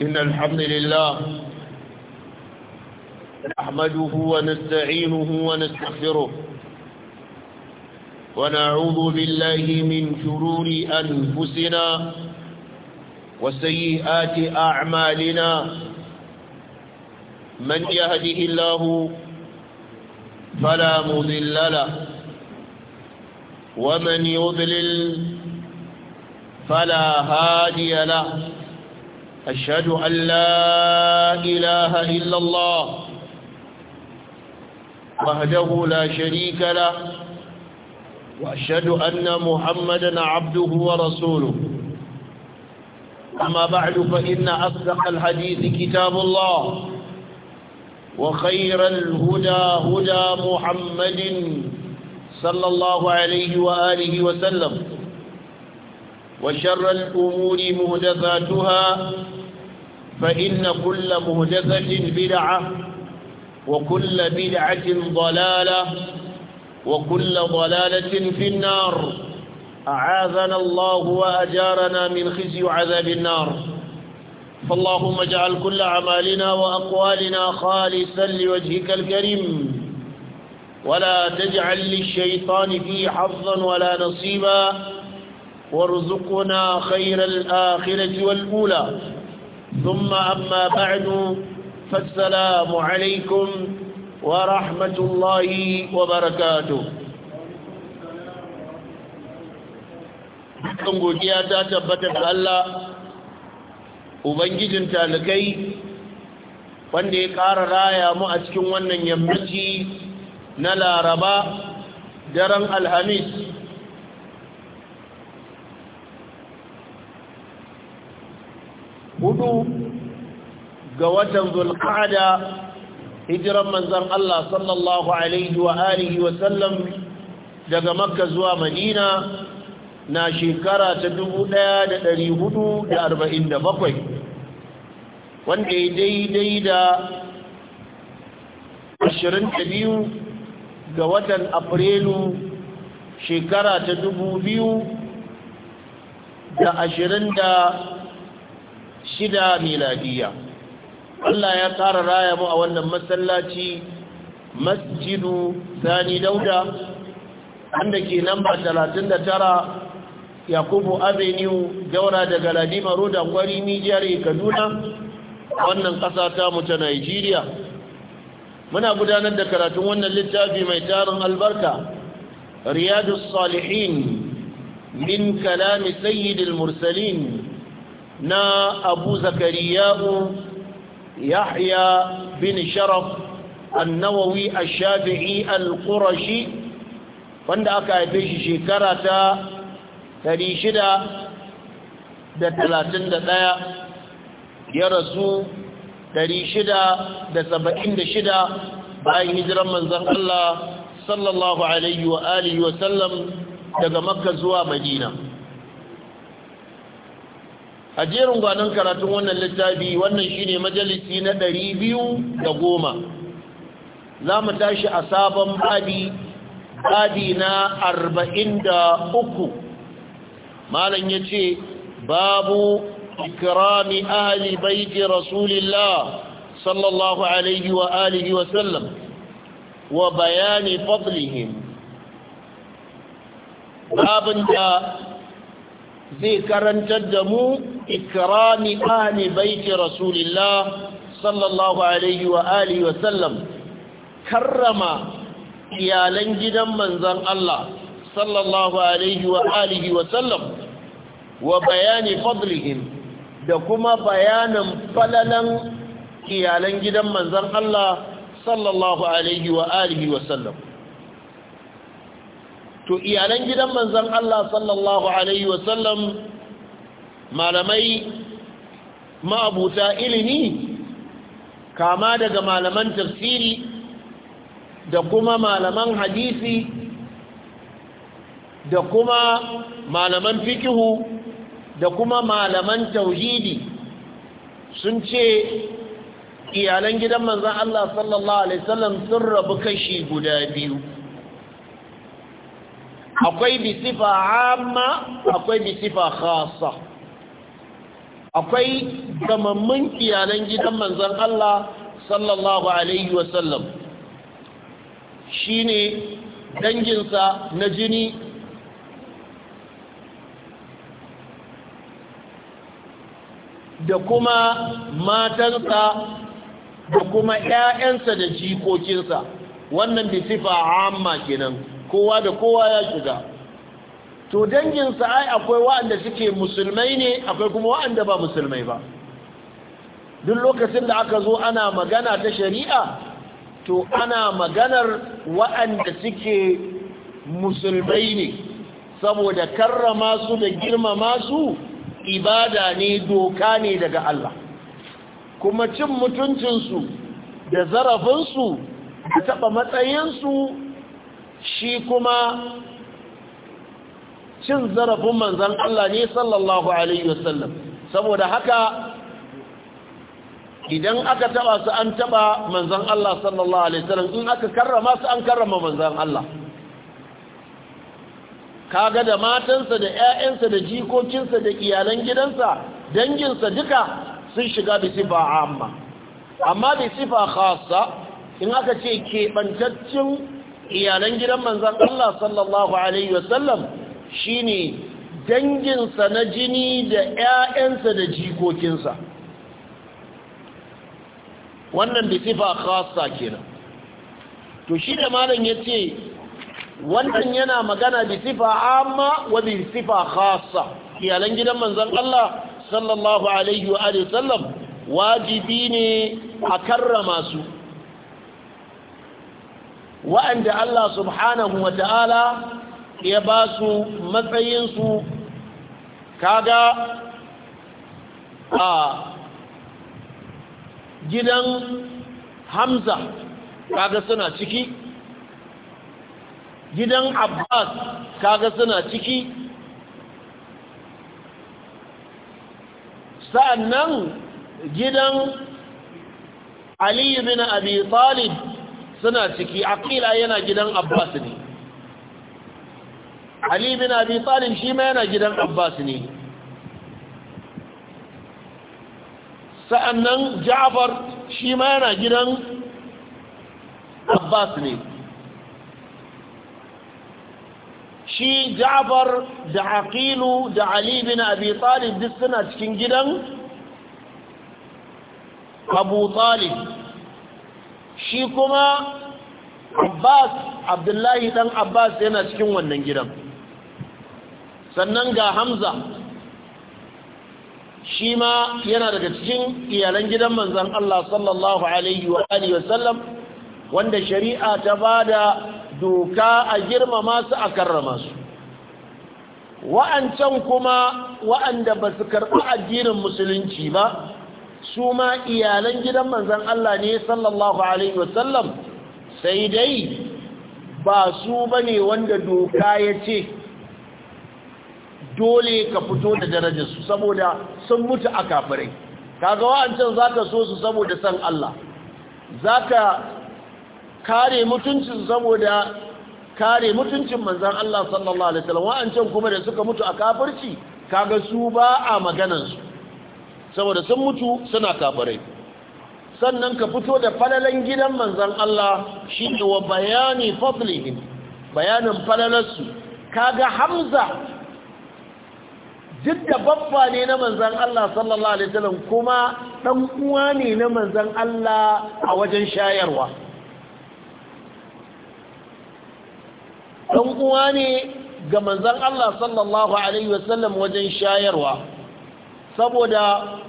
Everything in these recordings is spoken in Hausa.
إن الحمد لله نحمده ونستعينه ونستغفره ونعوذ بالله من شرور أنفسنا وسيئات أعمالنا من يهده الله فلا مذل له ومن يضلل فلا هادي له أشهد أن لا إله إلا الله وحده لا شريك له وأشهد أن محمدا عبده ورسوله أما بعد فإن أصدق الحديث كتاب الله وخير الهدى هدى محمد صلى الله عليه وآله وسلم وشر الأمور مهدفاتها فإن كل مهدثة بدعة وكل بدعة ضلالة وكل ضلالة في النار أعاذنا الله وأجارنا من خزي عذاب النار فاللهم اجعل كل أعمالنا وأقوالنا خالصا لوجهك الكريم ولا تجعل للشيطان فيه حظا ولا نصيبا وارزقنا خير الآخرة والأولى ثم أما بعد فالسلام عليكم ورحمة الله وبركاته kan godiya ta tabbatar da Allah ubangijin talikai wanda ya ƙara raya mu a cikin wannan yammaci na laraba daren alhamis ga watan zulqa'ada hijiran manzon Allah sallallahu alaihi wa alihi wa sallam daga makka zuwa madina na shekara ta 1447 wanda ya daidai da 22 ga watan afrilu shekara ta 2000 da shida miladiya Allah ya ƙara raya mu a wannan masallaci masjidu sani dauda wanda ke da 39 yakubu avenue daura daga ladima road gwari nijiyar kaduna wannan ƙasa ta mu ta nigeria muna gudanar da karatun wannan littafi mai tarin albarka riyadus salihin min kalami sayyidil mursalin na abu zakariya'u yahya bin sharaf annawawi a shafii al-qurashi wanda aka haife shi shekara ta 631 ya rasu 676 bayan hijiran manzon Allah sallallahu alaihi wa alihi wa sallam daga makka zuwa madina a jerin gwanon karatun wannan littafi wannan shine majalisi na ɗari biyu da goma za mu tashi a sabon babi babi na arba'in da uku malam ya ce babu ikrami ahli baiti rasulillah sallallahu alaihi wa alihi wa sallam wa bayani fadlihim babin da zai karantar da mu إكرام أهل بيت رسول الله صلى الله عليه وآله وسلم كرم إيالين جدا منزل الله صلى الله عليه وآله وسلم وبيان فضلهم دكما بيان فللا إيالين جدا منزل الله صلى الله عليه وآله وسلم to iyalan gidan manzon Allah sallallahu alaihi wasallam malamai ma'abuta ilimi kama daga malaman tafsiri da kuma malaman hadisi da kuma malaman fikihu da kuma malaman tauhidi sun ce iyalan gidan manzan Allah sallallahu Alaihi wasallam sun rabu kashi guda biyu akwai bisifa amma akwai bisifa khasa akwai gamammin iyalan gidan manzon Allah sallallahu alaihi wasallam shine danginsa na jini da kuma matansa da kuma ‘ya'yansa da jikokinsa wannan bisifa amma kenan kowa da kowa ya shiga to danginsa ai akwai waɗanda suke musulmai ne akwai kuma waɗanda ba musulmai ba duk lokacin da aka zo ana magana ta shari'a to ana maganar waɗanda suke musulmai ne saboda karrama su da girmama su ibada ne doka ne daga Allah kuma cin mutuncinsu da zarafinsu da taɓa matsayinsu shi kuma cin zarafin manzan Allah ne sallallahu alaihi wasallam saboda haka idan aka taba su an taba manzan Allah sallallahu alaihi wasallam in aka karrama su an karrama manzan Allah kaga da matansa da ƴaƴansa da jikokinsa da iyalan gidansa danginsa duka sun shiga bi sifa amma amma bi sifa khasa in aka ce keɓantaccen iyalan gidan manzan Allah sallallahu alaihi wasallam Shi ne danginsa na jini da 'ya'yansa da jikokinsa wannan da sifa khassa kenan to shi da malam yace wannan yana magana da sifa amma wa bi sifa khassa iyalan gidan manzon Allah sallallahu alaihi wa alihi sallam wajibi ne a karrama su wa'anda Allah subhanahu wa ta'ala ya ba su matsayinsu kaga a gidan hamza kaga suna ciki gidan abbas kaga suna ciki sa'annan gidan ali bin abi talib suna ciki akila yana gidan abbas ne ali bin abi talib shi ma yana gidan abbas ne sa'annan ja'far shi ma yana gidan abbas ne shi ja'far da aqilu da ali bin abi talib duk suna cikin gidan abu talib shi kuma abbas abdullahi dan abbas yana cikin wannan gidan sannan ga hamza shi ma yana daga cikin iyalan gidan manzan Allah sallallahu alaihi wa alihi wanda shari'a ta ba da doka a girmama su a karrama su wa'ancan kuma wa'anda ba su karɓi addinin musulunci ba su ma iyalan gidan manzan Allah ne sallallahu alaihi wasallam sai dai ba su ba ne wanda doka ya ce dole ka fito da darajarsu saboda sun mutu a kafirai kaga wa'ancan ka so su saboda san Allah Za ka kare mutuncin saboda kare mutuncin manzan Allah sallallahu alaihi wasallam wa'ancan kuma da suka mutu a kafirci kaga su ba a maganansu saboda sun mutu suna kafirai sannan ka fito da falalan gidan manzan Allah ne wa bayani fadlihim bayanin falalarsu kaga Hamza duk da babba ne na manzan Allah sallallahu alaihi wasallam kuma dan uwa ne na manzan Allah a wajen shayarwa dan uwa ne ga manzan Allah sallallahu alaihi wasallam wajen shayarwa saboda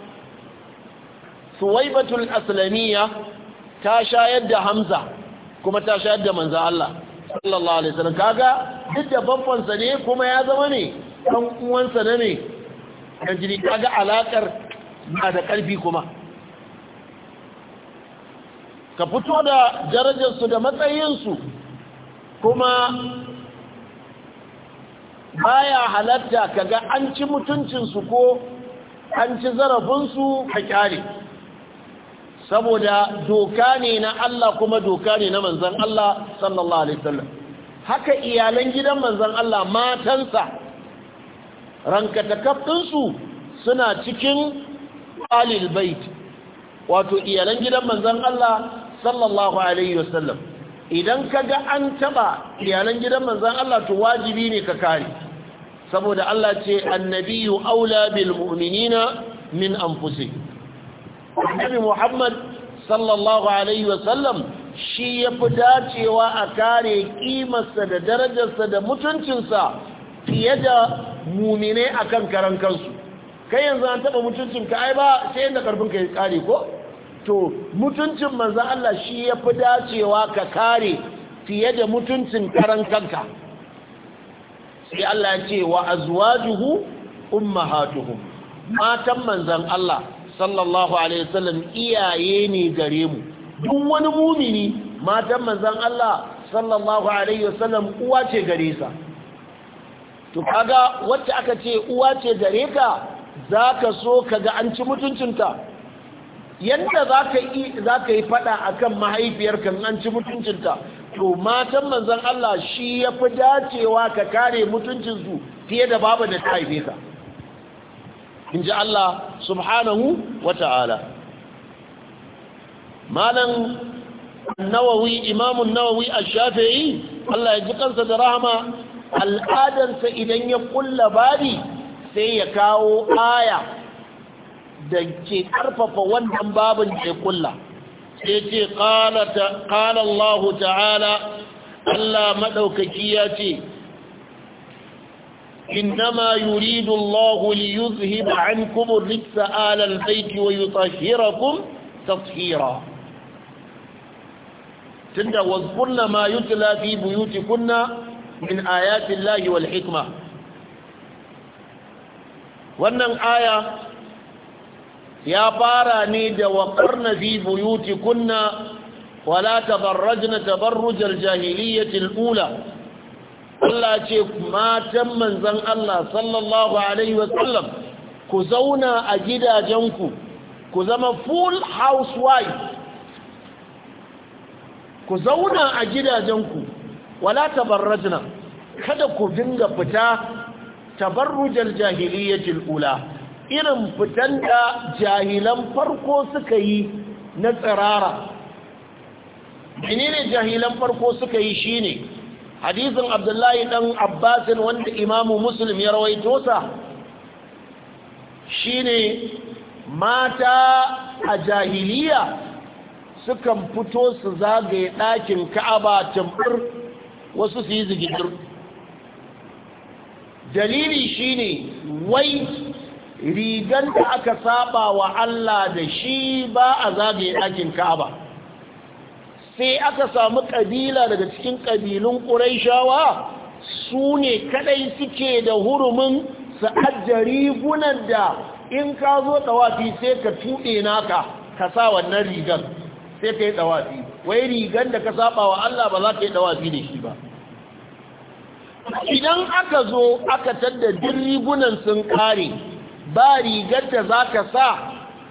suwaibatul aslamiyya ta shayar da Hamza kuma ta shayar da manzan Allah sallallahu alaihi wasallam kaga duk da babbansa ne kuma ya zama ne ɗan uwansa na ne na jini kaga alaƙar na da ƙarfi kuma ka fito da darajarsu da matsayinsu kuma baya halatta kaga an ci mutuncinsu ko an ci zarafinsu ka kyare saboda doka ne na Allah kuma doka ne na manzan Allah sallallahu Alaihi wasallam haka iyalan gidan manzan Allah matansa ranka ɗinsu suna cikin alil bait wato iyalan gidan manzan Allah sallallahu alaihi wasallam idan kaga an taba iyalan gidan manzan Allah to wajibi ne ka kare saboda Allah ce annabiyu aula bil mu'minina min anfusih annabi Muhammad sallallahu alaihi wasallam shi ya fi dacewa a kare kimarsa da darajarsa da mutuncinsa fiye da mumine akan karan kansu kai yanzu an taba mutuncin ka ai ba sai inda karfin ka ya kare ko to mutuncin manzon Allah shi ya fi dacewa ka kare fiye da mutuncin karan kanka sai Allah ya ce wa azwajuhu ummahatuhum matan manzan Allah sallallahu alaihi wasallam iyaye ne gare mu duk wani mumini matan manzo Allah sallallahu alaihi wasallam uwa ce gare sa to kaga wacce aka ce uwa ce gare ka za ka so kaga an ci mutuncinta yadda za ka yi fada a kan mahaifiyarka an ci mutuncinta to matan manzan Allah shi ya fi dacewa ka kare mutuncinsu fiye da babu da ta haife ka in ji Allah subhanahu wa ta'ala malan nawawi imamun nawawi a shafi'i Allah ya ji kansa da rahama al'adarsa idan ya kulla bari sai ya kawo aya da ke ƙarfafa wannan babin ke kulla sai ce kala allahu ta'ala allah maɗaukaki ya ce innama yuridu allahu li yuzhiba an kubin riksa alal zaiki wa yutashira kun tashira tun wasu kunna ma yutula fi buyuti kunna min ayatin lahi wal hikma wannan aya ya fara ne da waƙarna fi buyuti kunna wala tabarrajna tabarrujar jahiliyyatil ula Allah ce matan manzan Allah sallallahu alaihi wasallam ku zauna a gidajenku ku zama full housewife ku zauna a gidajenku wala tabarrajna kada ku dinga fita tabarrujal jahiliyatil ula irin fitan da jahilan farko suka yi na tsirara menene jahilan farko suka yi shine hadisin abdullahi dan abbasin wanda imamu muslim ya rawaito sa shine mata a jahiliya sukan fito su zagaye ɗakin ka'aba tambar wasu su yi zigidir dalili shine wai rigan da aka saba wa Allah da shi ba a zagaye ɗakin Ka'aba sai aka samu ƙabila daga cikin ƙabilun ƙuraishawa su ne kaɗai suke da hurumin sa'adda rigunan da in ka zo ɗawafi sai ka tuɗe naka ka sa wannan rigar sai ka yi dawafi wai rigan da ka saba wa Allah ba za ka yi dawafi da shi ba idan aka zo aka tadda duk rigunan sun kare ba rigar da za ka sa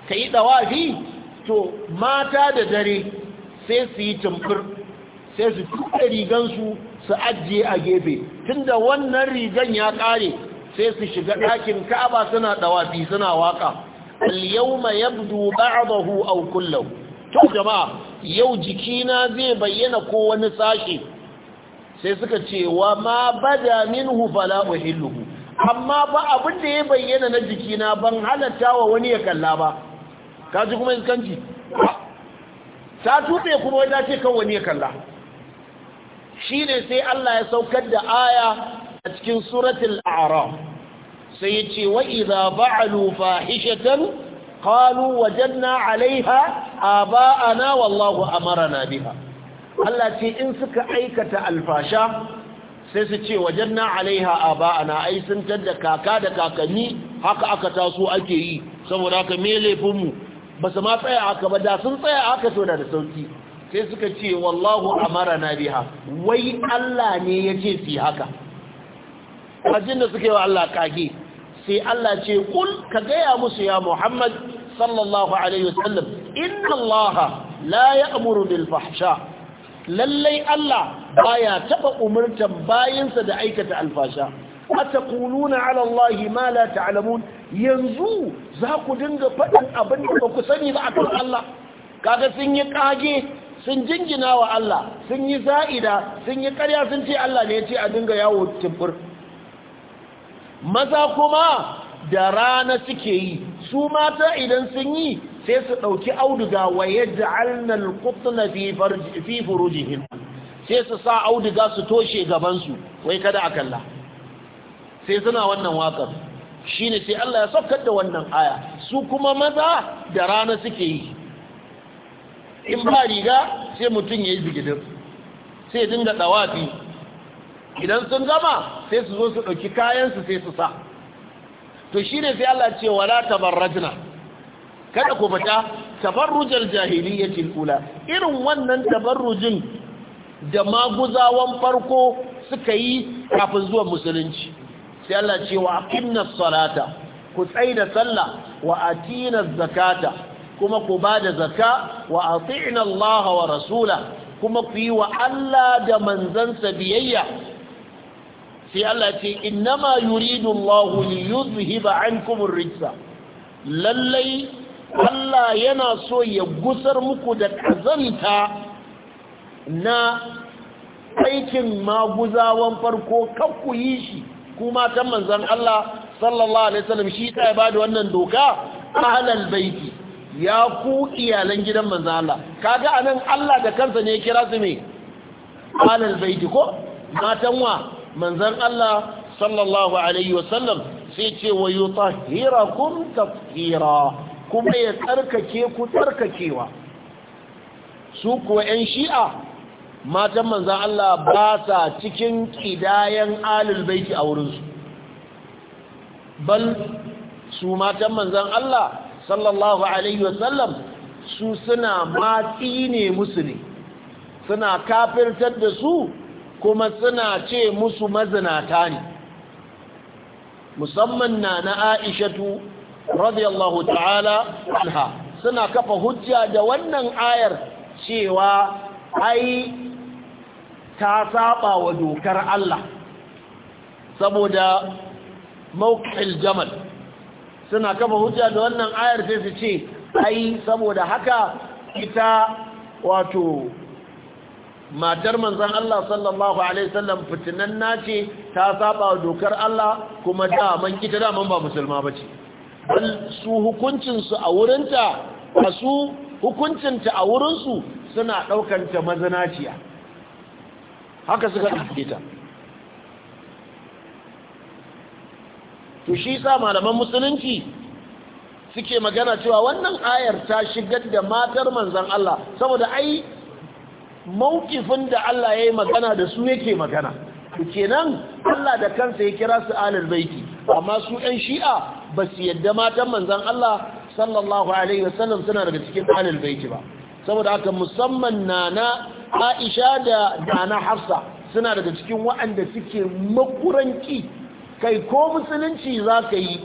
ka yi dawafi to mata da dare sai su yi tumfur sai su tuka rigansu su ajiye a gefe tunda wannan rigan ya kare sai su shiga ɗakin ka'aba suna dawafi suna waka al ma yabdu ba'dahu aw kullahu to jama'a yau jikina zai bayyana ko wani sashi sai suka ce wa ma bada minhu fala uhilluhu amma ba abin da ya bayyana na jikina ban halatta wa wani ya kalla ba kaji kuma iskanci ta tube kuma ta ce kan wani ya kalla shine sai Allah ya saukar da aya a cikin suratul a'raf sai ya ce wa idza ba'alu fahishatan qalu wajanna alaiha aba'ana wallahu amarna biha Allah ce in suka aikata alfasha sai su ce na alaiha aba'ana ai sun tadda kaka da kakanni haka aka taso ake yi saboda haka me laifinmu ba su ma tsaya aka ba da sun tsaya aka to da sauki sai suka ce wallahu amarna biha wai Allah ne yace su haka ajin da suke wa Allah kage sai Allah ce kul ka gaya musu ya Muhammad sallallahu alaihi wasallam inna Allah la ya'muru bil fahsha lallai Allah baya taba umurtan bayinsa da aikata alfasha ataquluna ala Allah ma la ta'lamun yanzu za ku dinga faɗin abin da ku sani ba akan Allah kaga sun yi kage sun jingina wa Allah sun yi za'ida sun yi ƙarya sun ce Allah ne ya ce a dinga yawo timbur maza kuma da rana suke yi su mata idan sun yi sai su ɗauki auduga wa yadda alnal kutna fi furujihim sai su sa auduga su toshe gabansu wai kada a kalla sai suna wannan wakar shi ne sai Allah ya saukar da wannan aya su kuma maza da rana suke yi in ba riga sai mutum ya yi bigidir sai dinga ɗawafi idan sun gama sai su zo su ɗauki kayansu sai su sa to shi ne sai Allah ce wala tabarrajna kada ku fita tabarrujal jahiliyyatil ula irin wannan tabarrujin da maguzawan farko suka yi kafin zuwa musulunci sai Allah ce wa aqimna salata ku tsaida sallah wa atina zakata kuma ku bada zakka wa ati'na Allah wa rasula kuma ku yi wa Allah da manzansa biyayya sai Allah ce innama yuridu Allah li yuzhiba ankum ar-rijsa lallai Allah yana so ya gusar muku da kazanta na aikin maguzawan farko kanku yi shi kuma kan manzon Allah sallallahu alaihi wasallam shi ta ba wannan doka ahlal baiti ya ku iyalan gidan manzon Allah kaga anan Allah da kansa ne ya kira su me ahlal baiti ko matan wa manzan Allah sallallahu alaihi wasallam sai ce wa yutahhirakum tathira kuma ya tsarkake ku tsarkakewa su kuwa 'yan shi'a matan manzan Allah ba sa cikin ƙidayen alul baiti a wurinsu bal su matan manzan Allah sallallahu alaihi wasallam su suna matsi ne musu ne suna kafirtar da su kuma suna ce musu mazinata ne musamman na na aishatu radiyallahu ta'ala alha suna kafa hujja da wannan ayar cewa ai ta saba wa dokar Allah saboda mawqil jamal suna kafa hujja da wannan ayar sai su ce ai saboda haka ita wato matar manzan Allah sallallahu Alaihi wasallam fitinan nace ta saba dokar Allah kuma daman ita daman ba musulma ba ce su hukuncinsu a wurinta a su hukuncinta a wurinsu suna ɗaukanta mazanaciya haka suka ɗauke ta to shi sa malaman musulunci suke magana cewa wannan ayar ta shigar da matar manzan Allah saboda ai mawkifin da Allah ya yi magana da su yake magana kenan Allah da kansa ya kira su alal amma su ɗan shi'a ba su yadda matan manzan Allah sallallahu alaihi wasallam suna daga cikin alal ba saboda haka musamman nana Aisha da nana Hafsa suna daga cikin waɗanda suke makuranki kai ko musulunci za ka yi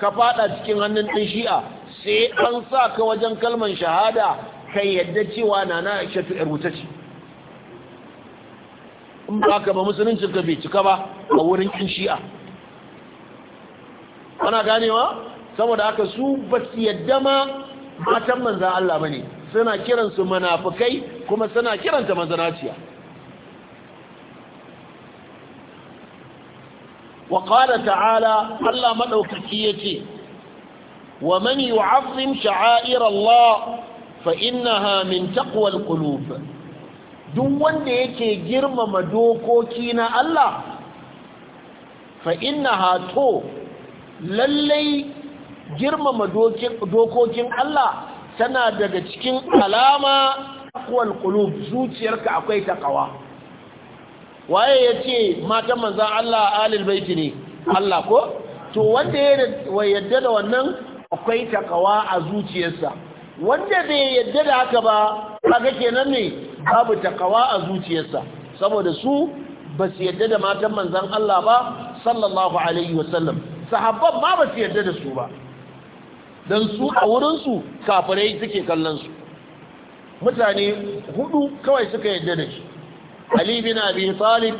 ka fada cikin hannun ɗan shi'a sai an sa ka wajen kalman shahada kai yadda cewa na na aishatu yar wuta ce in ba ka ba musulunci ka bai cika ba a wurin kin shi'a ana ganewa saboda haka su ba su yadda ma matan manzan Allah ba ne suna kiransu manafukai kuma suna kiranta manzanaciya وقال تعالى الله مدوكي يتي ومن يعظم شعائر الله fa innaha min taqwal duk wanda yake girmama dokoki na Allah fa ha to lallai girmama dokokin Allah tana daga cikin alama taqwal qulub zuciyarka akwai takawa waye yace matan manzon Allah alil baiti ne Allah ko to wanda ya yadda da wannan akwai takawa a zuciyarsa wanda bai yadda da haka ba kaga kenan ne babu takawa a zuciyarsa saboda su ba su yadda da matan manzan Allah ba sallallahu alaihi wasallam sahabban ma ba su yadda da su ba don su a wurinsu kafirai suke kallon su mutane hudu kawai suka yadda da shi Ali bin Abi Talib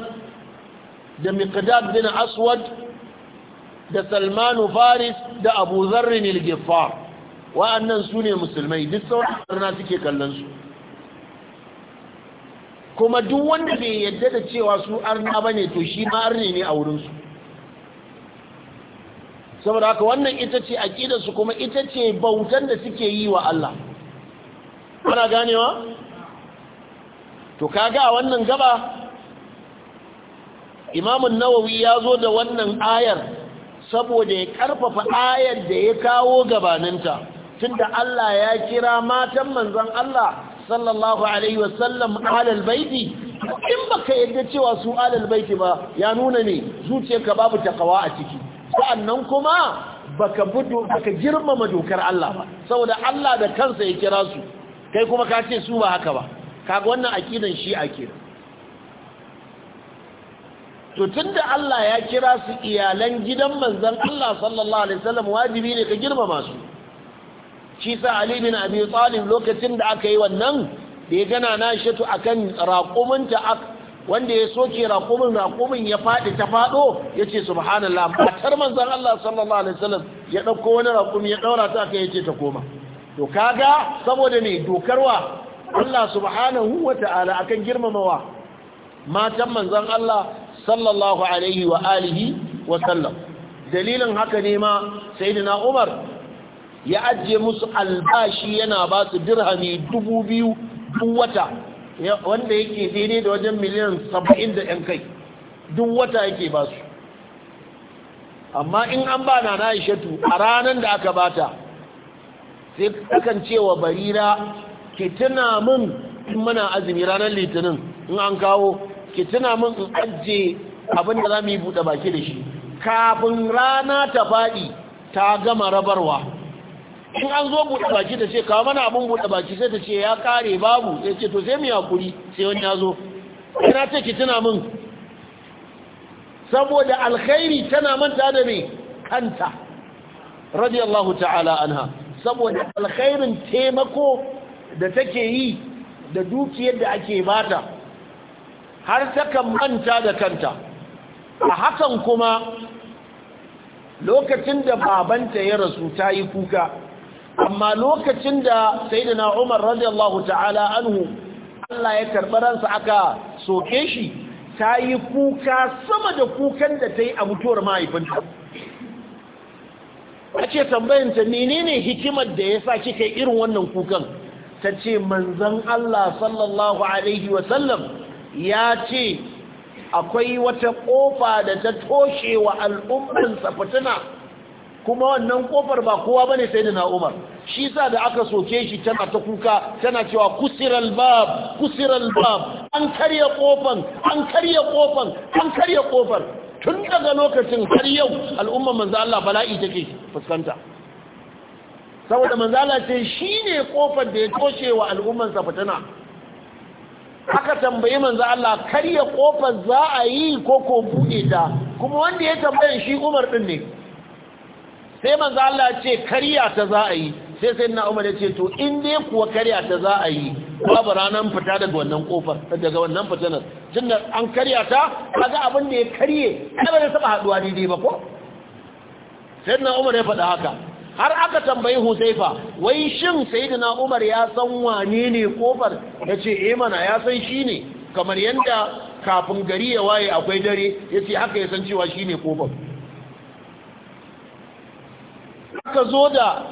da Miqdad bin Aswad da Salmanu Faris da Abu Zarr al wa'annan su ne musulmai duk sauran karna suke kallon su kuma duk wanda bai yadda da cewa su arna ba ne to shi ma arne ne a wurinsu saboda haka wannan ita ce aƙidarsu kuma ita ce bautan da suke yi wa Allah ana ganewa to kaga a wannan gaba imamun nawawi ya zo da wannan ayar saboda ya karfafa ayar da ya kawo gabaninta tunda Allah ya kira matan manzon Allah sallallahu alaihi wasallam alal baiti in baka yadda cewa su alal baiti ba ya nuna ne zuciyarka babu takawa a ciki sa'annan kuma baka budu baka girmama dokar Allah ba saboda Allah da kansa ya kira su kai kuma ka ce su ba haka ba kaga wannan aqidan shi akida to tunda Allah ya kira su iyalan gidan manzon Allah sallallahu alaihi wasallam wajibi ne ka girmama su shi sa ali bin abi talib lokacin da aka yi wannan da ya gana na shatu akan raƙuminta wanda ya soke raƙumin raƙumin ya faɗi ta faɗo ya ce subhanallah matar manzan Allah sallallahu alaihi wasallam ya ɗauko wani raƙumi ya ɗaura ta aka yace ta koma to kaga saboda me dokarwa Allah subhanahu wata'ala akan girmamawa matan manzan Allah sallallahu alaihi wa alihi wa sallam dalilin haka ne ma sayyidina Umar ya ajiye musu albashi yana ba su dirhami dubu biyu duk wata wanda yake daidai da wajen miliyan saba'in da ɗan kai duk wata yake ba su amma in an ba na na a ranar da aka ba ta, sai kakan cewa barira ki tuna min in muna azumi ranar litinin in an kawo ki tuna min in ajiye abin da za mu yi buɗe baki da shi kafin rana ta faɗi ta gama rabarwa in an zo buɗe baki ta ce kawo mana abin buɗe baki sai ta ce ya kare babu ya ce to sai mu yakuri sai wani ya zo ina ce ki tuna min saboda alkhairi tana manta da mai kanta radiyallahu ta'ala anha saboda alkhairin taimako da take yi da dukiyar da ake bata har takan manta da kanta a hakan kuma lokacin da babanta ya rasu ta yi kuka amma lokacin da sayyidina Umar radiyallahu ta'ala anhu Allah ya karɓi ransa aka soke shi ta yi kuka sama da kukan da ta yi a mutuwar mahaifinta a ce menene hikimar da ya sa kika irin wannan kukan ta ce manzan Allah sallallahu alaihi wasallam ya ce akwai wata ƙofa da ta toshe wa al'ummansa fitina kuma wannan kofar ba kowa bane sai na Umar shi sa da aka soke shi tana ta kuka tana cewa kusiral bab kusiral bab an karya kofan an karya kofan an karya kofar tun daga lokacin har yau al'umma manzo Allah bala'i take fuskanta saboda manzo Allah ce shine kofar da ya toshe wa al'umman sa fitana aka tambayi manzo Allah karya kofar za a yi ko ko bude ta kuma wanda ya tambaye shi Umar din ne sai manzo Allah ce karya ta za a yi sai sai na umar ya ce to in dai kuwa karya ta za a yi babu ranar fita daga wannan kofar daga wannan fitanar tun an karya ta kaga abin da ya karye ai ba da taba haduwa dai ba ko sai na umar ya faɗa haka har aka tambayi husaifa wai shin sayyidina umar ya san wane ne kofar yace eh mana ya san shi ne kamar yanda kafin gari ya waye akwai dare yace ce haka ya san cewa shine kofar aka zo da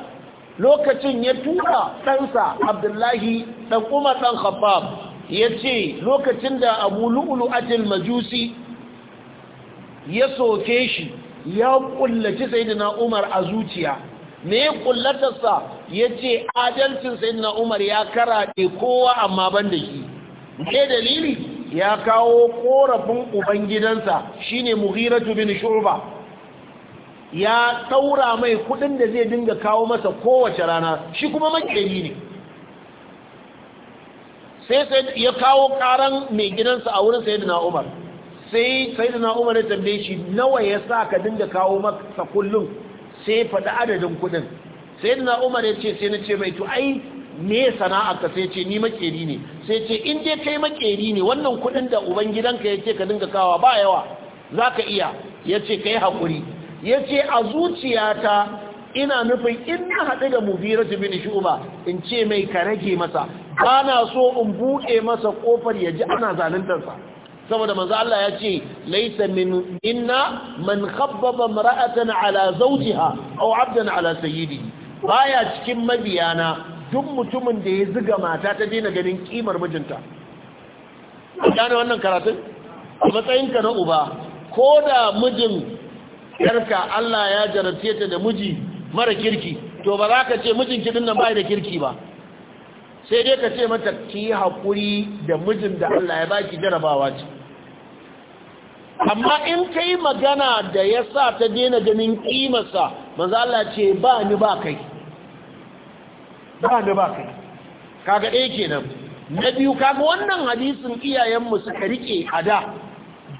lokacin ya tura ɗansa abdullahi ɗan umar ɗan khabab ya ce lokacin da abu lu'ulu ajil majusi ya soke shi ya kullaci saidina umar a zuciya me ya kullatarsa ya ce adalcin sayidina umar ya karaɗe kowa amma ban da shi ne dalili ya kawo korafin ubangidansa ne muhiratu bin shu'ba ya taura mai kudin da zai dinga kawo masa kowace rana shi kuma makeri ne sai sai ya kawo karan mai gidansa a wurin na Umar sai na Umar ya tambaye shi nawa ya sa ka dinga kawo masa kullum sai faɗi adadin kudin na Umar ya ce sai na ce mai to ai me sana'a ka sai ce ni makeri ne sai ce in dai kai makeri ne wannan kudin da ubangidanka ya ce ka dinga kawo ba yawa zaka iya yace ce kai hakuri ya ce a zuciyata ina nufin ina haɗu da mubira ta bin shuba in ce mai ka rage masa ba na so in buɗe masa ƙofar ya ji ana zaluntarsa saboda manzo Allah ya ce laisa min inna man khabbaba imra'atan ala zawjiha aw 'abdan ala sayyidihi baya cikin mabiyana duk mutumin da ya ziga mata ta daina ganin kimar mijinta gane wannan karatun a matsayinka na uba ko da mijin yarka Allah ya jarabce ta da miji mara kirki to ba za ka ce mijin ki dinnan bai da kirki ba sai dai ka ce mata ki hakuri da mijin da Allah ya baki jarabawa ce amma in ka magana da ya sa ta daina ganin ƙimarsa manzo Allah ce ba ni ba kai ba ni ba kai kaga ɗaya kenan na biyu kaga wannan hadisin iyayenmu suka rike a da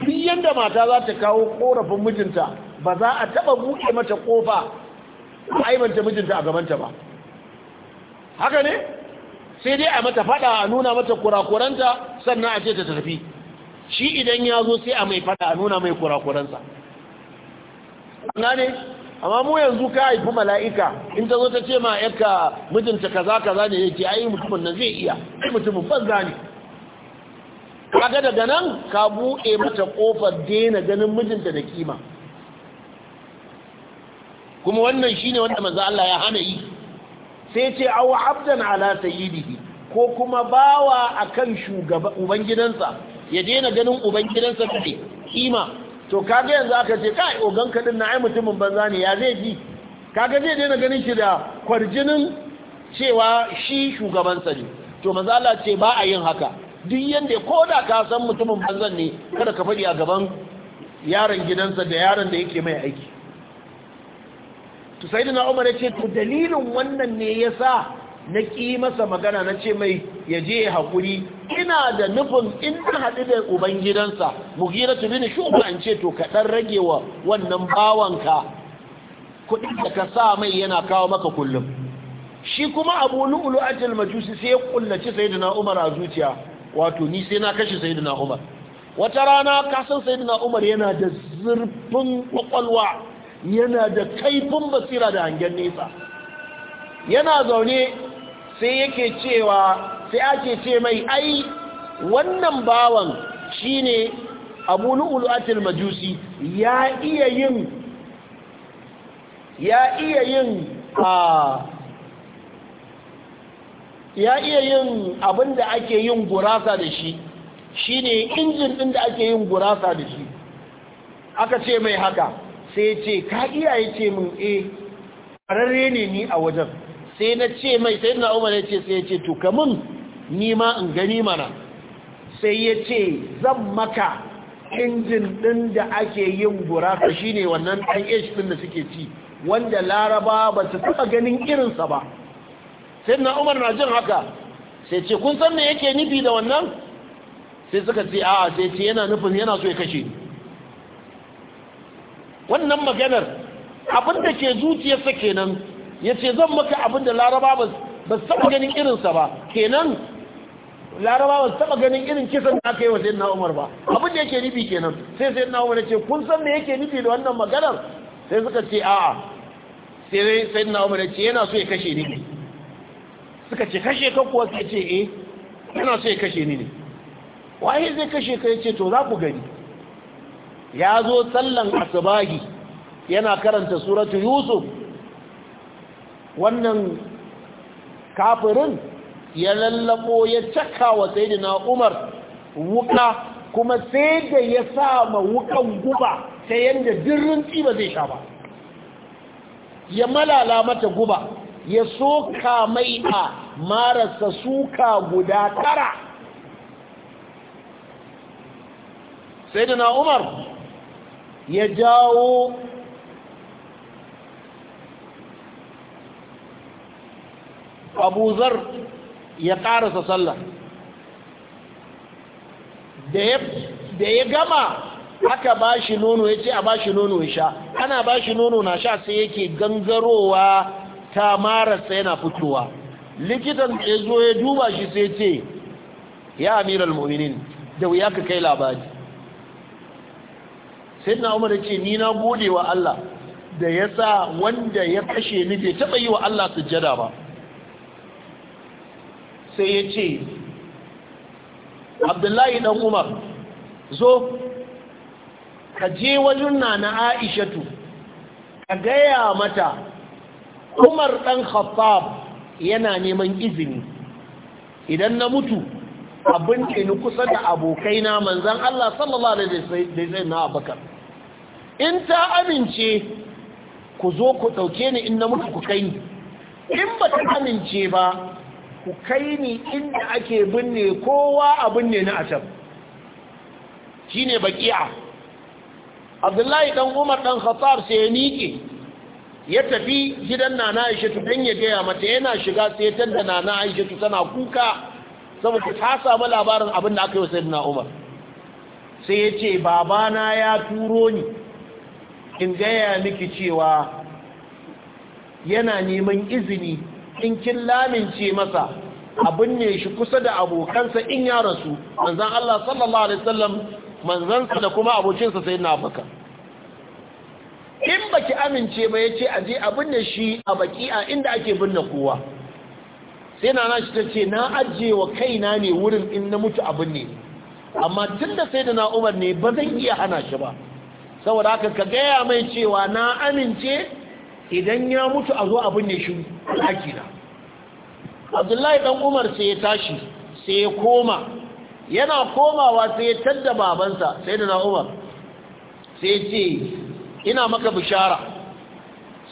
duk yadda mata za ta kawo korafin mijinta ba za a taba buke mata kofa a aibanta mijinta a gabanta ba haka ne sai dai a mata fada a nuna mata kurakuranta sannan a ce ta tafi shi idan ya zo sai a mai fada a nuna mai kurakuransa ne, amma mu yanzu ka haifi mala'ika in ta zo ta ce ma yaka mijinta kaza kaza ne yake yi mutumin na zai iya yi mutumin banza ne kaga daga nan ka buɗe mata ƙofar daina ganin mijinta da kima kuma wannan shine wanda manzo Allah ya hana yi sai ce aw abdan ala sayyidihi ko kuma bawa akan shugaba ubangidansa ya daina ganin ubangidansa kake kima to kage yanzu aka ce kai ogan ka din na ai mutumin banza ne ya zai ji kaga zai daina ganin shi da kwarjinin cewa shi shugabansa ne to manzo Allah ce ba a yin haka duk yanda ko da ka san mutumin banzan ne kada ka faɗi a gaban yaron gidansa da yaron da yake mai aiki to sai da umar ya ce to dalilin wannan ne ya sa na ƙi masa magana na ce mai ya je ya haƙuri ina da nufin in ta haɗu da ubangidansa mugira tu shi shuba an ce to ka ɗan rage wa wannan bawanka kuɗi da ka sa mai yana kawo maka kullum shi kuma abu lu'ulu ajiyar majusi sai ya da na umar a zuciya wato ni sai na kashe na umar wata rana sai da na umar yana da zurfin ƙwaƙwalwa. yana da kaifin basira da hangen nesa yana zaune sai yake cewa sai ake ce mai ai wannan bawan shine abu majusi ya iya yin ya iya yin a ya iya yin abinda ake yin gurasa da shi shine injin din da ake yin gurasa da shi aka ce mai haka sai ce ka iya ya ce min e eh, ƙararre ne ni a wajen sai na ce mai sai na umar ya ce sai ya ce to kamun nima in gani mana sai ya ce zan maka injin ɗin da ake yin Shi ne wannan ɗan ish ɗin da suke ci wanda laraba ba su taɓa ganin irinsa ba sai na umar na jin haka sai ce kun san me yake nufi da wannan sai suka ce a sai ce yana nufin yana so ya kashe ni wannan maganar abin da ke zuciyarsa kenan ya ce zan maka abin da laraba ba su taɓa ganin irinsa ba kenan laraba ba su taɓa ganin irin kisan da aka yi wa sayin na umar ba abin da yake nufi kenan sai sayin na umar ya ce kun san me yake nufi da wannan maganar sai suka ce a'a sai sayin na umar ce yana so ya kashe ni ne suka ce kashe ka kuwa sai ce eh yana so ya kashe ni ne waye zai kashe ka ya ce to za ku gani ya zo sallan asubahi yana karanta suratu yusuf wannan kafirin ya lallako ya caka wa sayidina umar wuka kuma sai da ya sa ma wukan guba ta yadda dirrin ba zai sha ba ya malala mata guba ya soka mai a marasa suka guda tara sayidina umar ya jawo abuzar ya ƙarasa sallah da ya gama aka ba shi nono ya ce a ba shi nono ya sha ana ba shi nono na sha sai yake gangarowa ta marasa yana fitowa likitan ya zo ya duba shi sai ce ya amiral mominin da wuya ka kai labari sai na umar ce ni na gode wa Allah da ya sa wanda ya kashe ni bai taɓa yi wa Allah sujjada ba sai ya ce abdullahi ɗan umar zo ka je wajen na na aishatu ka gaya mata umar ɗan khattab yana neman izini idan na mutu abin ni kusa da abokaina manzan Allah sallallahu alaihi wasallam na abakar in ta amince ku zo ku ɗauke ni in na mutu ku kai ni in ba ta amince ba ku kai ni inda ake binne kowa a binne na asab shi ne abdullahi ɗan umar ɗan khattab sai ya niƙe ya tafi gidan nana aishatu don ya gaya mata yana shiga sai ya da nana aishatu tana kuka saboda ta samu labarin abin da aka yi wa sayyidina umar sai ya ce babana ya turo ni in gaya miki cewa yana neman izini in kin lamince masa abin ne shi kusa da abokansa in ya rasu manzan Allah sallallahu alaihi wasallam manzansa da kuma abocinsa sai na baka in baki amince ba yace je abin ne shi a baki a inda ake binne kowa sai na nashi ce na ajiye wa kaina ne wurin in na mutu abin ne amma da sai da na Umar ne ba zai iya hana shi ba saboda haka ka gaya mai cewa na amince idan ya mutu a zo abin ne shi ɗaki na abdullahi ɗan umar sai ya tashi sai ya koma yana komawa sai ya tadda babansa sai da na umar sai ce ina maka bishara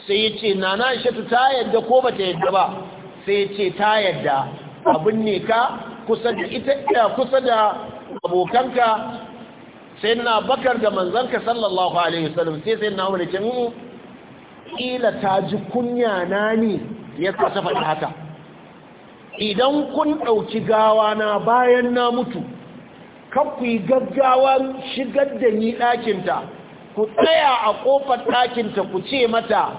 sai ya ce na na shatu ta yadda ko ba ta yadda ba sai ya ce ta yadda abin ne ka kusa da abokanka sai na bakar da manzanka sallallahu alaihi wasallam sai sai na wani mm, kin ila ta ji kunya na ne ya kasa faɗi haka idan kun ɗauki gawa na bayan na mutu ku yi gaggawa shigar da ni ɗakinta ku tsaya a ƙofar ɗakinta ku ce mata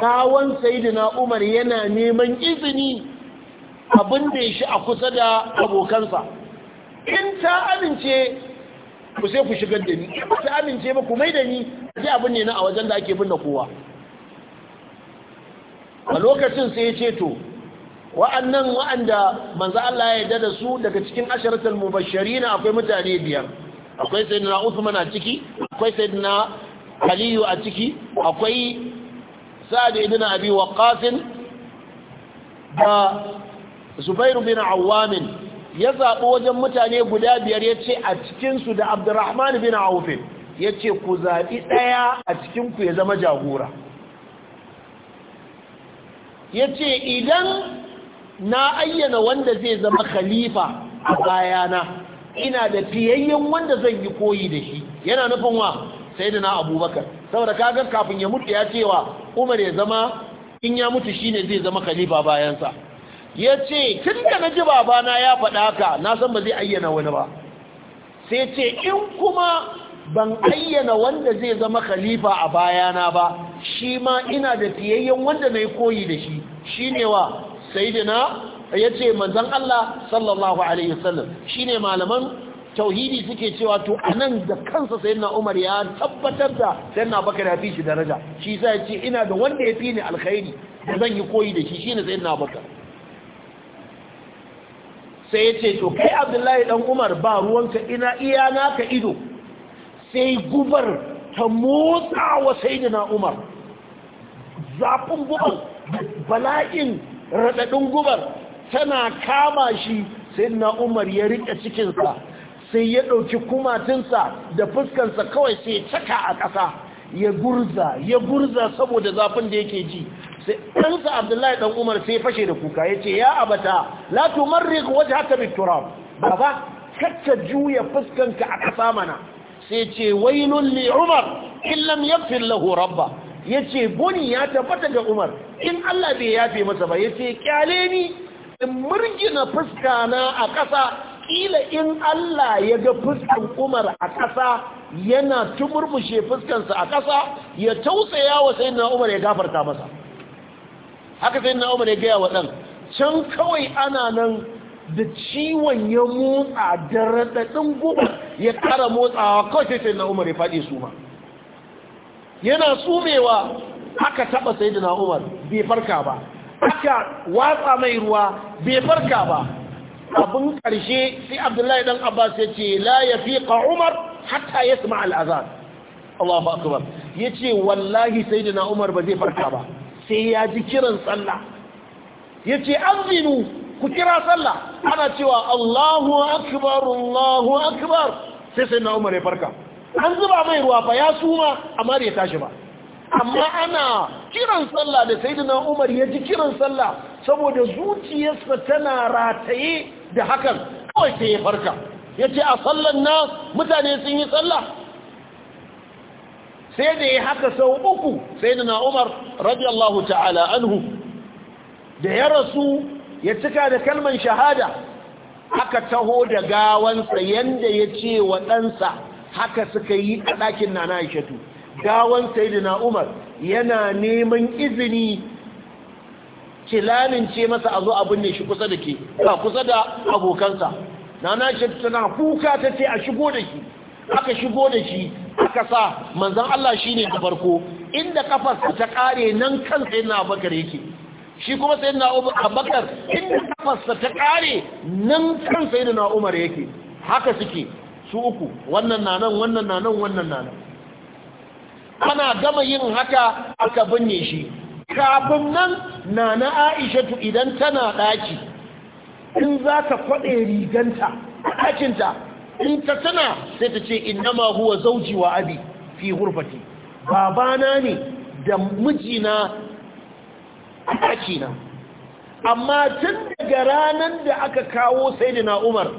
gawan sayidina umar yana neman izini abin da shi a kusa da abokansa in ta amince ku sai ku shigar da ni ba ta amince ba ku mai da ni sai abin ne na a wajen da ake binne kowa a lokacin sai ya ce to wa'annan wa'anda manzo Allah ya yarda da su daga cikin asharatul mubashirin akwai mutane biyar akwai sayyidina Uthman a ciki akwai sayyidina Aliyu a ciki akwai Sa'd ibn Abi Waqqas da Zubairu bin Awwam ya zaɓi wajen mutane guda biyar ya ce a cikinsu da abdurrahman bin aufe ya ce ku zaɓi ɗaya a cikinku ya zama jagora ya ce idan na ayyana wanda zai zama khalifa a bayana ina da fiyayyen wanda zan yi koyi da shi yana nufin wa sai da na abubakar saboda kagar kafin ya mutu ya cewa umar ya zama in ya mutu shi ne zai zama khalifa bayansa ya ce tun da na ji babana ya faɗa haka na san ba zai ayyana wani ba sai ce in kuma ban ayyana wanda zai zama khalifa a bayana ba shi ma ina da fiyayyen wanda na yi koyi da shi shi ne wa sayidina ya ce manzan Allah sallallahu Alaihi wasallam shi ne malaman tauhidi suke cewa to a nan da kansa sayidina umar ya tabbatar da sayidina bakar ya fi shi daraja shi sa ya ce ina da wanda ya fi ni alkhairi da zan yi koyi da shi shi ne sayidina bakar sai ya ce to kai abdullahi dan umar ba ruwanka ina iya naka ido sai gubar ta motsa wa sayyidina umar zafin gubar bala'in raɗaɗin gubar tana kama shi sayyidina umar ya riƙe cikinsa sai ya ɗauki kumatinsa da fuskansa kawai sai ya caka a ƙasa ya gurza ya gurza saboda zafin da yake ji ɗansa abdullahi ɗan umar sai fashe da kuka ya ce ya abata la tumarrik waje haka bitturab ba ba kacce juya fuskanka a ƙasa mana sai ce wailun li umar illam yaghfir lahu rabba yace buni ya tabbata ga umar in Allah bai yafe masa ba yace kyale ni in murgina fuska na a ƙasa ƙila in Allah ya ga fuskan umar a ƙasa yana tumurmushe fuskansa a ƙasa ya tausaya wa na umar ya gafarta masa haka sai na umar ya gaya wa ɗan can kawai ana nan da ciwon ya motsa da raɗaɗin guba ya ƙara motsawa kawai sai sai na umar ya faɗi su ma yana sumewa aka taɓa sai da na umar bai farka ba aka watsa mai ruwa bai farka ba abin ƙarshe sai abdullahi ɗan abbas ya ce la ya fi umar hatta ya sami al'azan allahu akbar ya ce wallahi sai da na umar ba zai farka ba sai ya ji kiran sallah ya ce an zinu ku kira sallah ana cewa Allahu akbar Allahu akbar sai sai na umar ya farka an zuba mai ruwa ba ya suma amma ya tashi ba amma ana kiran sallah da sai na Umar ya ji kiran sallah saboda zuciyarsa tana rataye da hakan kawai sai ya farka ya ce a tsallon na mutane sun yi sallah sai da ya haka sau uku sai da na umar radiyallahu ta'ala anhu da ya rasu ya cika da kalman shahada aka taho da gawansa yadda ya ce wa ɗansa haka suka yi a ɗakin na na ishatu gawan sayidina umar yana neman izini kilalince masa a zo abin ne shi kusa da ke ba kusa da abokansa na na tana kuka ta ce a shigo da shi aka shigo da shi aka sa manzan Allah shi ne da farko inda kafar ta kare nan kan na Abakar yake shi kuma na abubakar inda kafar ta kare nan kan na umar yake haka suke su uku wannan na nan wannan na nan wannan na nan ana gama yin haka aka binne shi kafin nan na na aishatu idan tana ɗaki in za ta kwaɗe riganta ɗakinta in ta tana sai ta ce in nama huwa zauji wa abi fi hurfati babana ne da mijina a na amma tun daga ranar da aka kawo sai da na'umar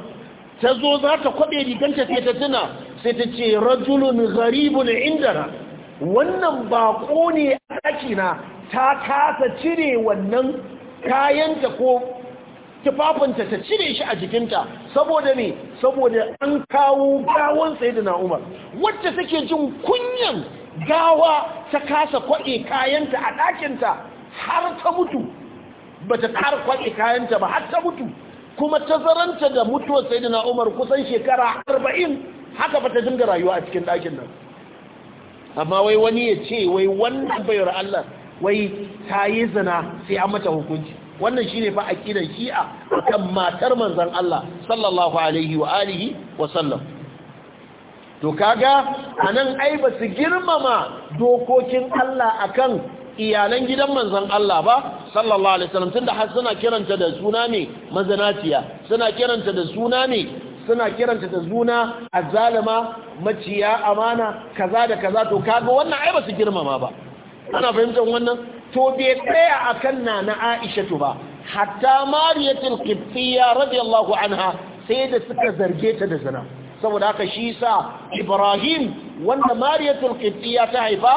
ta zo za ta kwaɓe riganta sai ta tuna sai ta ce rajulun inda indara. wannan baƙo ne a ɗakina ta kasa cire wannan kayanta ko tufafinta ta cire shi a jikinta saboda ne saboda an kawo gawan da na'umar wacce take jin kunyan gawa ta kasa kwaɗe kayanta a ɗakinta har ta mutu ba ta ƙara kwaɗe kayanta ba har ta mutu kuma ta zaranta da mutuwar da na'umar kusan shekara arba'in haka ba bata dinga rayuwa a cikin ɗakin nan amma wai wani ya ce wai wannan bayar Allah wai ta yi zina sai an mata hukunci wannan shine ne aqidan shi'a kan matar manzon Allah sallallahu alaihi wa alihi wa sallam to kaga anan ai ba su girmama dokokin Allah akan iyalan gidan manzon Allah ba sallallahu alaihi wasallam tunda har suna kiranta da suna ne mazanaciya suna kiranta da suna ne suna kiranta da zuna azalima maciya amana kaza da kaza to kaga wannan ai ba su girmama ba ana fahimtar wannan to bai tsaya a kan na na aishatu ba hatta mariyatul kibtiya radiyallahu anha sai da suka zarge ta da zina saboda haka shi sa ibrahim wanda mariyatul kibtiya ta haifa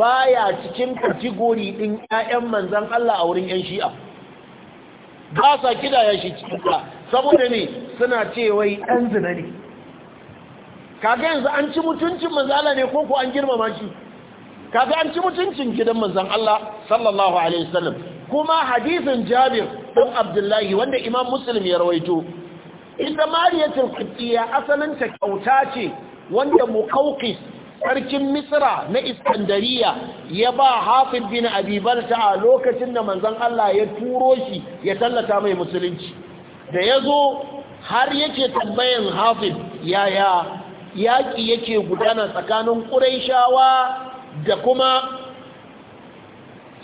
baya cikin kategori din ƴaƴan manzon Allah a wurin ƴan shi'a ba sa kidaya shi cikin saboda ne suna ce wai ɗan zina ne kaga yanzu an ci mutuncin manzala ne ko ko an girmama shi kafi an ci mutuncin gidan manzon Allah sallallahu alaihi wasallam kuma hadisin Jabir dan Abdullahi wanda Imam Muslim ya rawaito inda mariyatul qibtiyya asalinta ta ce wanda mukaukis sarkin Misra na Iskandariya ya ba Hafiz bin Abi a lokacin da manzon Allah ya turo shi ya tallata mai musulunci da ya zo har yake tambayan Hafiz yaya yaƙi yake gudana tsakanin ƙuraishawa da kuma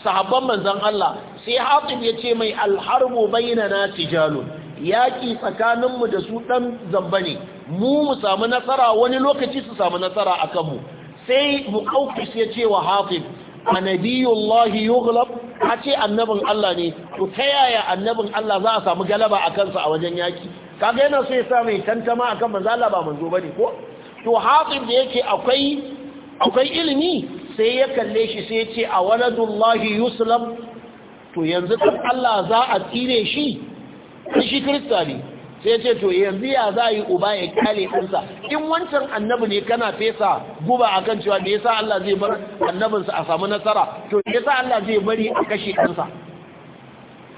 sahabban manzan Allah sai hatim ya ce mai na bainana tijalun yaƙi tsakaninmu da su ɗan zamba ne mu mu samu nasara wani lokaci su samu nasara a kanmu sai muƙaukis ya ce wa hatim a lahi yughlab a ce annabin Allah ne to ta yaya annabin Allah za a samu galaba a kansa a wajen yaƙi kaga yana so ya sa mai tantama a kan Allah ba manzo ba ne ko to hatim da yake akwai ilimi sai ya kalle shi sai ya ce a waladullahi yuslam to yanzu kan Allah za a tsire shi shi kirista ne sai ce to yanzu ya za yi uba ya kyale ɗansa in wancan annabi ne kana fesa guba a kan cewa da ya sa Allah zai bar annabinsa a samu nasara to ya sa Allah zai bari a kashe ɗansa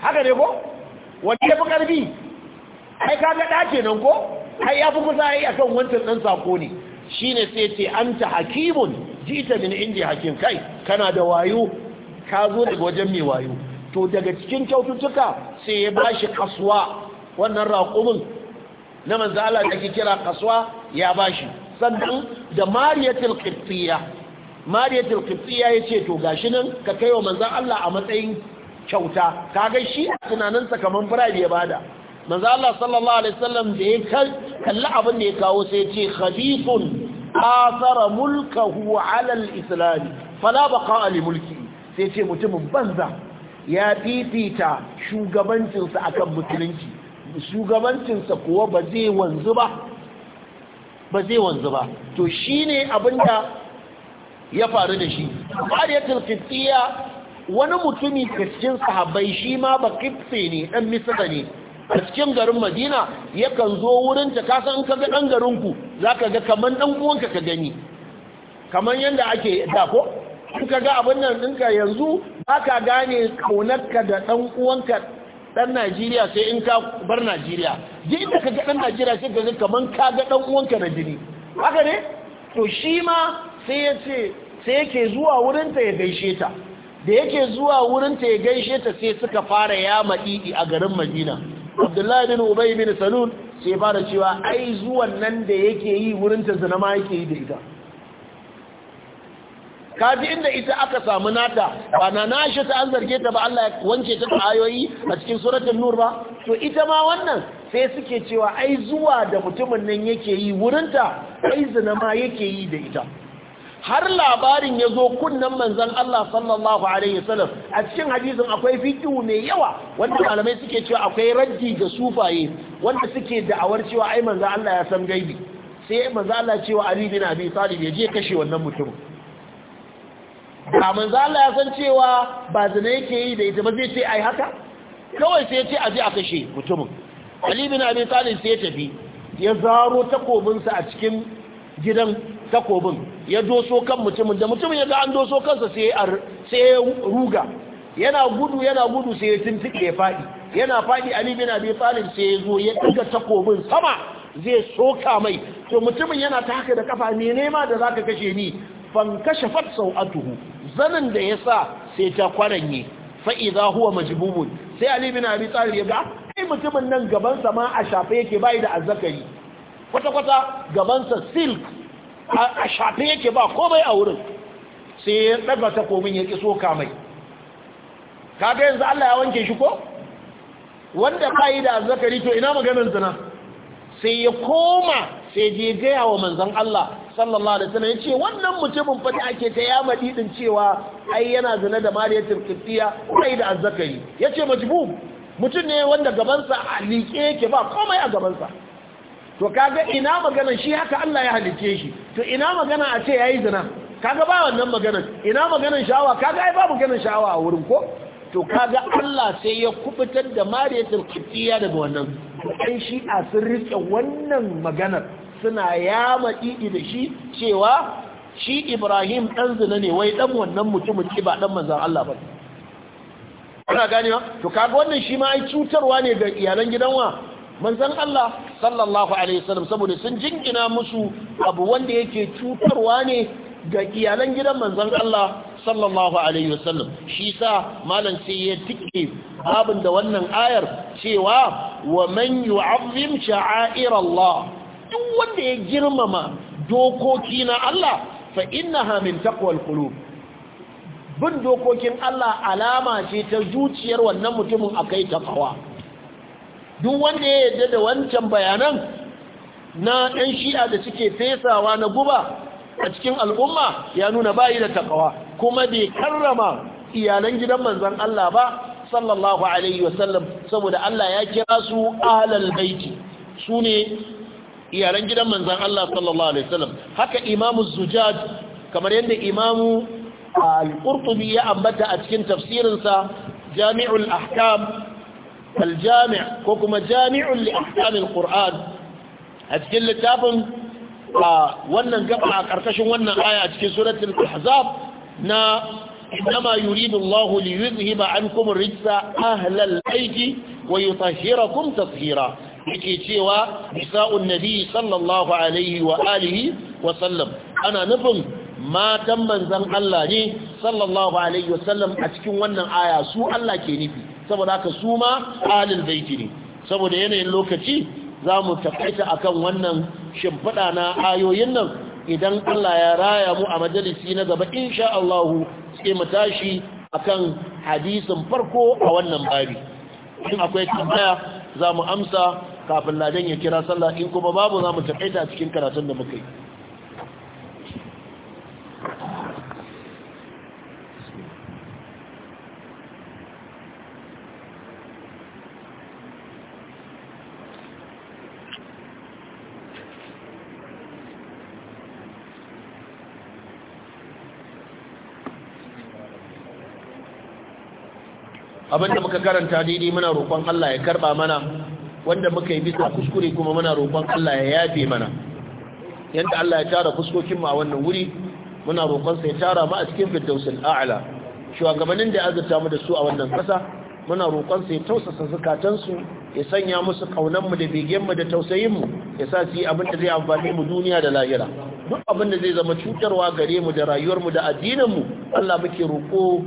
haka ne ko? wani ya fi ƙarfi ai ka ga ɗace nan ko? ai ya fi kusa ya akan kan wancan ɗan sako ne shine sai ce an ta hakimun jita min inji hakim kai kana da wayo ka zo daga wajen mai wayo to daga cikin kyaututtuka sai ya bashi kaswa wannan raƙumin na manzala da ake kira kaswa ya bashi sannan da mariyatul qibtiyya mariyatul qibtiyya yace to gashi nan ka kai wa manzan Allah a matsayin kyauta ga shi a tunaninsa kaman firabi ya bada manzo Allah sallallahu alaihi wasallam da ya kalli abin da ya kawo sai ya ce khabithun asara mulkahu ala al fala baqa li mulki sai ce mutumin banza ya fifita shugabancinsa akan musulunci shugabancinsa kuwa ba zai wanzu ba ba zai wanzu ba to shine abinda ya faru da shi qariyatul qibtiyya wani mutumi cikin sahabbai shi ma ba kibse ne ɗan misra ne a cikin garin madina yakan zo wurin ta kasan ka ga ɗan garinku za ka ga kamar ɗan uwanka ka gani kamar yadda ake ko in ka ga abin nan ɗinka yanzu ba ka gane kaunarka da ɗan uwanka ɗan najeriya sai in ka bar najeriya duk inda ka ga ɗan najeriya sai ka ga kamar ka ga ɗan uwanka na jini haka ne to shi ma sai ya ce sai yake zuwa wurinta ya gaishe ta da yake zuwa wurinta ya gaishe ta sai suka fara ya maɗiɗi a garin madina abdullahi bin ubay bin salul sai fara cewa ai zuwan nan da yake yi wurin ta zina ma yake yi da ita kaji inda ita aka samu nata ba na nashi ta an zarge ta ba Allah ya wanke ta ayoyi a cikin suratul nur ba to ita ma wannan sai suke cewa ai zuwa da mutumin nan yake yi wurin ta ai zina ma yake yi da ita har labarin ya zo kunnan manzan Allah sallallahu alaihi wasallam a cikin hadisin akwai fiqhu mai yawa wanda malamai suke cewa akwai raddi ga sufaye wanda suke da'awar cewa ai manzan Allah ya san gaibi sai manzan Allah cewa Ali bin Abi Talib ya je kashe wannan mutum ba manzan Allah ya san cewa ba zina yake yi da ita ba zai ce ai haka kawai sai ya ce a je a kashe mutumin Ali bin Abi Talib sai ya tafi ya zaro takobinsa a cikin gidan takobin ya doso kan mutumin da mutumin ya ga an doso kansa sai ya ruga yana gudu yana gudu sai ya tuntuɓe ya faɗi yana faɗi ali bin abi talib sai ya zo ya ɗiga takobin sama zai soka mai to mutumin yana ta haka da kafa ne nema da za ka kashe ni fan kashafat tuhu zanin da ya sa sai ta kwaranye fa idza huwa majbubun sai ali bin abi talib ya ga kai mutumin nan gaban sa ma a shafe yake bai da azzakari kwata-kwata gabansa silk a shafe yake ba komai a wurin sai ya daga komin ya ƙi soka mai kaga yanzu Allah ya wanke shi ko wanda yi da azzakari to ina maganin zina sai ya koma sai je gaya wa manzan Allah sallallahu alaihi wasallam yace wannan mutumin fa ake ta ya din cewa ai yana zina da mariyatul qibtiya bai da azzakari yace majbub mutum ne wanda gabansa a liƙe yake ba komai a gabansa to kaga ina magana shi haka Allah ya halice shi to ina magana a ce yayi zina kaga ba wannan magana ina maganan shawa kaga ai ba magana shawa a wurin ko to kaga Allah sai ya kubutar da mariyatul qibtiyya daga wannan sai shi a sun rike wannan maganar suna yama idi da shi cewa shi Ibrahim ɗan zina ne wai ɗan wannan mutumin ki ba ɗan manzan Allah ba. Kuna ganewa? To kaga wannan shi ma ai cutarwa ne ga iyalan gidan wa manzan Allah sallallahu alaihi wasallam saboda sun jingina musu abu wanda yake cutarwa ne ga iyalan gidan manzan Allah sallallahu alaihi wasallam shi sa malam sai ya tike babin da wannan ayar cewa wa man yu'azzim sha'air Allah duk wanda ya girmama dokoki na Allah fa innaha min taqwal qulub bin dokokin Allah alama ce ta zuciyar wannan mutumin akai taqwa duk wanda ya yarda da wancan bayanan na ɗan shi'a da suke fesawa na guba a cikin al'umma ya nuna bayi da takawa kuma bai karrama iyalan gidan manzan Allah ba sallallahu alaihi wasallam saboda Allah ya kira su ahlal baiti su ne iyalan gidan manzan Allah sallallahu alaihi wasallam haka imamu zujaj kamar yadda imamu al-qurtubi ya ambata a cikin tafsirinsa jami'ul ahkam الجامع وكما جامع لأحكام القرآن أتكلم لتابن wannan gaba a ƙarƙashin wannan aya a cikin suratul ahzab na inma yuridu Allah li yuzhiba ankum rijsa ahlal aiki wa yutahhirakum tatheera yake cewa nisa'un nabi sallallahu alaihi wa alihi wa sallam ana nufin matan manzon Allah ne sallallahu alaihi wa sallam a cikin wannan aya su Allah ke nufi saboda haka su ma alil baiti ne saboda yanayin lokaci za mu tafaita kan wannan shimfiɗa na ayoyin nan idan Allah ya raya mu a majalisi na gaba insha Allah sai mu tashi a kan hadisin farko a wannan babi in akwai tambaya za mu amsa kafin ladan ya kira sallah in kuma babu za mu tafaita cikin karatun da muka yi abinda muka karanta daidai muna roƙon Allah ya karba mana wanda muka yi bisa kuskure kuma muna roƙon Allah ya yafe mana yanda Allah ya tara fuskokin mu a wannan wuri muna roƙon sa ya tara mu a cikin firdausul a'la shugabannin da azurta mu da su a wannan ƙasa muna roƙon sa ya tausasa zakatan su ya sanya musu kaunan mu da begen mu da tausayin mu ya sa su yi abin da zai amfani mu duniya da lahira duk abin da zai zama cutarwa gare mu da rayuwar mu da addinin mu Allah muke roƙo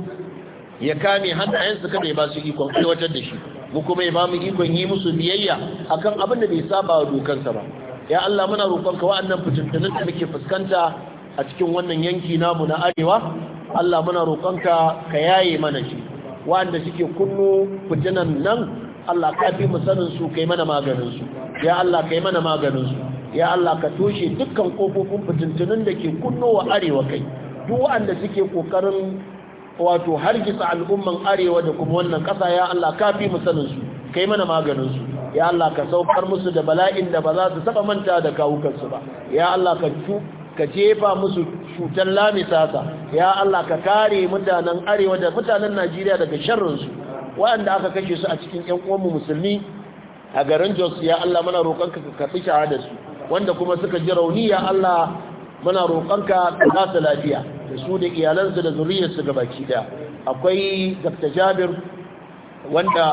ya kame hannayensu kada ya ba su ikon aiwatar da shi mu kuma ya ba mu ikon yi musu biyayya akan abin da bai saba wa dokansa ba ya Allah muna roƙonka wa'annan fitintunan da muke fuskanta a cikin wannan yanki namu na arewa Allah muna roƙonka ka yaye mana shi wa'anda suke kunnu fitinan nan Allah ka fi mu sanin su kai mana maganin su ya Allah kai mana maganin su ya Allah ka toshe dukkan kofofin fitintunan da ke kunnowa arewa kai duk wa'anda suke kokarin wato hargitsa al'umman arewa da kuma wannan ƙasa ya Allah ka fi mu sanin su kai mana maganinsu. ya Allah ka saukar musu da bala'in da ba za su saba manta da kawukansu ba ya Allah ka ka jefa musu cutar lamisasa ya Allah ka kare mutanen arewa da mutanen Najeriya daga sharrinsu waɗanda aka kashe su a cikin ƴan uwanmu musulmi a garin Jos ya Allah muna roƙonka ka karɓi shahadarsu wanda kuma suka ji rauni ya Allah muna roƙonka ka ba su lafiya da su da iyalansu da zuriyarsu ga baki daya akwai dr jabir wanda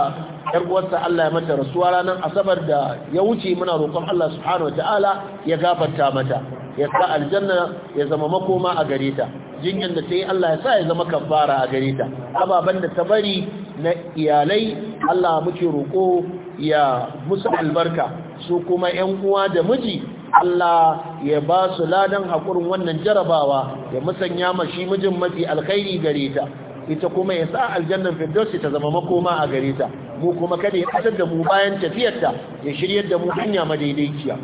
yar uwarsa Allah ya mata rasuwa ranar asabar da ya wuce muna roƙon Allah subhanahu wataala ya gafarta mata ya sa aljanna ya zama makoma a gare ta jinyar da ta yi Allah ya sa ya zama kabbara a gare ta ababen da ta bari na iyalai Allah muke roƙo ya musu albarka su kuma 'yan uwa da miji Allah ya ba su ladan haƙurin wannan jarabawa ya musanya ma shi mijin mafi alkhairi gare ta ita kuma ya sa aljannan firdausi ta zama makoma a gare ta mu kuma kada ya fitar da mu bayan tafiyarta ya shiryar da mu hanya madaidaiciya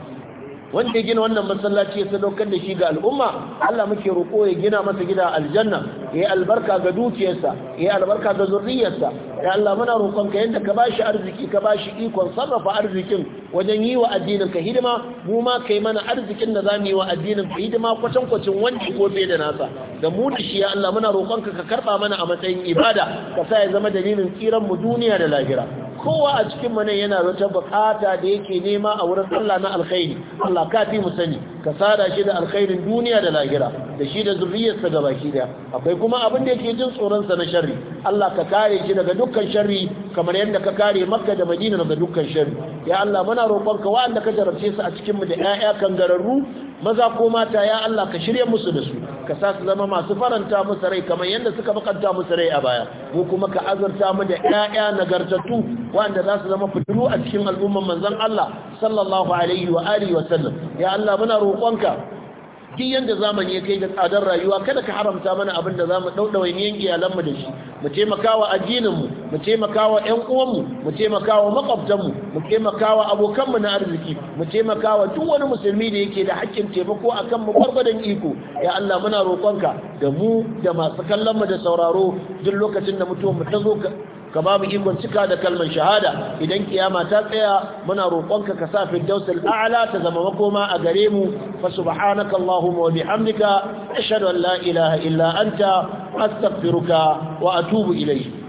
wanda ya gina wannan masallaci ya sadaukar da shi ga al'umma Allah muke roƙo ya gina masa gida aljanna ya yi albarka ga dukiyarsa ya yi albarka ga zurriyarsa ya Allah muna roƙon ka yadda ka bashi arziki ka bashi ikon sarrafa arzikin wajen yi wa addinin ka hidima mu ma kai mana arzikin da zamu yi wa addinin ka hidima kwacan kwacin wanda ko da nasa da mu da shi ya Allah muna roƙon ka ka karba mana a matsayin ibada ka sa ya zama dalilin tsiran mu duniya da lahira kowa a cikin mu yana wata bukata da yake nema a wurin Allah na alkhairi Allah ka fi mu sani ka sada shi da alkhairin duniya da lahira da shi da zuriyarsa ga baki daya akwai kuma abin da yake jin tsoron sa na sharri Allah ka kare shi daga dukkan sharri kamar yadda ka kare Makka da Madina daga dukkan sharri ya Allah muna roƙonka wa'anda ka jarabce su a cikin mu da ƴaƴa kangararru maza ko mata ya Allah ka shirye musu da su ka sa su zama masu faranta musu rai kamar yadda suka bakanta musu rai a baya ko kuma ka azurta mu da ƴaƴa nagartattu wanda za su zama fitilu a cikin al'umman manzon Allah sallallahu alaihi wa alihi wa sallam ya Allah muna roƙonka duk yanda zamani ya kai ga tsadar rayuwa kada ka haramta mana abin da zamu daudawain yanki alan mu da shi mu taimakawa addinin mu mu taimakawa ƴan uwanmu, mu taimakawa makwabtan mu mu taimakawa abokanmu na arziki mu taimakawa duk wani musulmi da yake da haƙƙin taimako akan mu barbadan iko ya Allah muna roƙonka da mu da masu kallon mu da sauraro duk lokacin da mutuwar mu ta zo ka ba mu ikon cika da kalmar shahada idan kiyama ta tsaya muna roƙonka ka sa firdausul a'la ta zama makoma a gare mu fa subhanaka allahumma wa bihamdika ashhadu an la ilaha illa anta astaghfiruka wa atubu ilayk